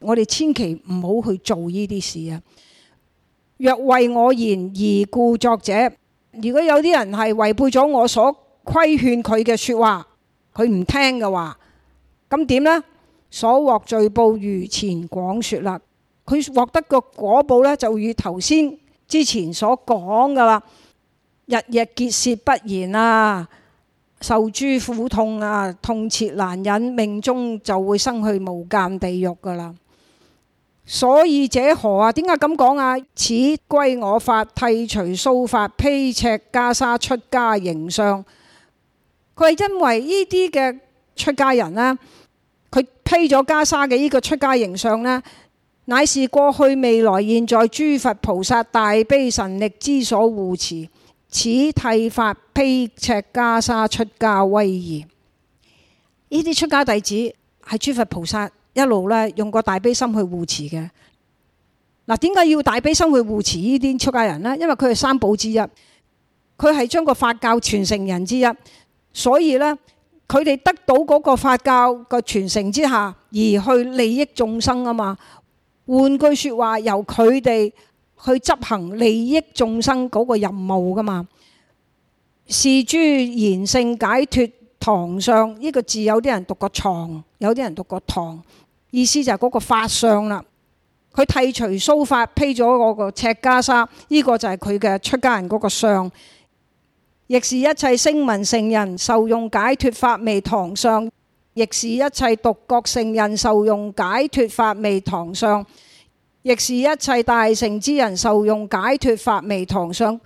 我哋千祈唔好去做呢啲事啊！若違我言而故作者，如果有啲人係違背咗我所規勸佢嘅説話，佢唔聽嘅話，咁點呢？所獲罪報如前廣説啦。佢獲得個果報呢，就如頭先之前所講噶啦，日日結舌不言啊！受諸苦痛啊，痛切難忍，命終就會生去無間地獄噶啦。所以者何啊？點解咁講啊？此歸我法剃除鬚髮披赤袈裟出家形相，佢係因為呢啲嘅出家人啦，佢披咗袈裟嘅呢個出家形相呢，乃是過去未來現在諸佛菩薩大悲神力之所護持。此剃髮披赤袈裟出家威儀，呢啲出家弟子係諸佛菩薩一路咧用個大悲心去護持嘅。嗱，點解要大悲心去護持呢啲出家人呢？因為佢係三寶之一，佢係將個法教傳承人之一，所以呢，佢哋得到嗰個法教嘅傳承之下，而去利益眾生啊嘛。換句說話，由佢哋。去執行利益眾生嗰個任務噶嘛，是諸賢聖解脫幢相呢，這個字有啲人讀個牀，有啲人讀個堂，意思就係嗰個法相啦。佢剃除鬚髮，披咗嗰個赤袈裟。呢，這個就係佢嘅出家人嗰個相。亦是一切聲聞乘人受用解脫法味幢相，亦是一切獨覺乘人受用解脫法味幢相。亦是一切大乘之人受用解脫法味幢相，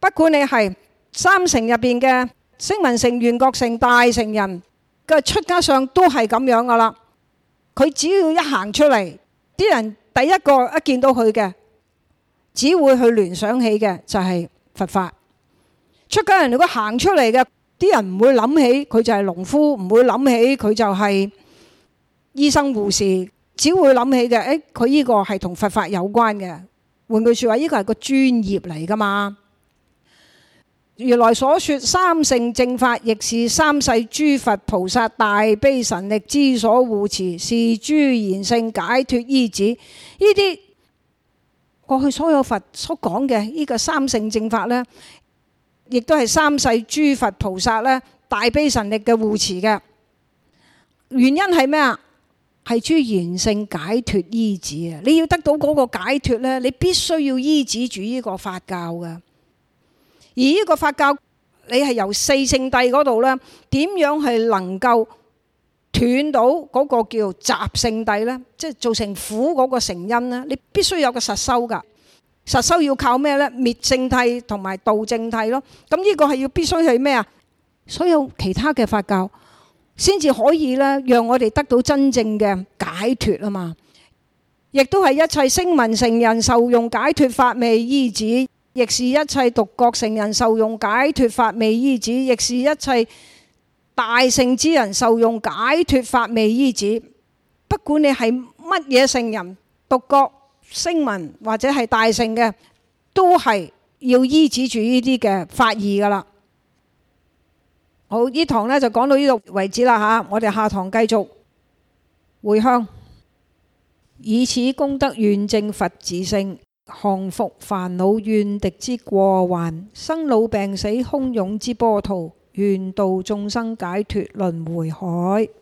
不管你係三乘入邊嘅聲聞乘、緣覺乘大乘人嘅出家相，都係咁樣噶啦。佢只要一行出嚟，啲人第一個一見到佢嘅，只會去聯想起嘅就係佛法。出家人如果行出嚟嘅，啲人唔會諗起佢就係農夫，唔會諗起佢就係醫生護士。只會諗起嘅，誒、哎，佢呢個係同佛法有關嘅。換句說話，呢、這個係個專業嚟噶嘛。如來所說，三乘正法亦是三世諸佛菩薩大悲神力之所護持，是諸賢聖解脱依止。呢啲過去所有佛所講嘅呢個三乘正法呢，亦都係三世諸佛菩薩咧大悲神力嘅護持嘅。原因係咩啊？是諸賢聖解脫依止。啊！你要得到嗰個解脫咧，你必須要依止住呢個法教噶。而呢個法教，你係由四聖諦嗰度咧，點樣係能夠斷到嗰個叫集聖諦咧？即係造成苦嗰個成因咧，你必須有個實修噶。實修要靠咩咧？滅聖諦同埋道聖諦咯。咁呢個係要必須係咩啊？所有其他嘅法教。先至可以啦，讓我哋得到真正嘅解脫啊嘛！亦都係一切聲聞乘人受用解脫法味依止，亦是一切獨覺乘人受用解脫法味依止，亦是一切大乘之人受用解脫法味依止。不管你係乜嘢乘人、獨覺聲聞或者係大乘嘅，都係要依止住呢啲嘅法義噶啦。好，呢堂呢就講到呢度為止啦吓，我哋下堂繼續回向，以此功德願證佛子性，降伏煩惱怨敵之過患，生老病死洶湧之波濤，願度眾生解脫輪回海。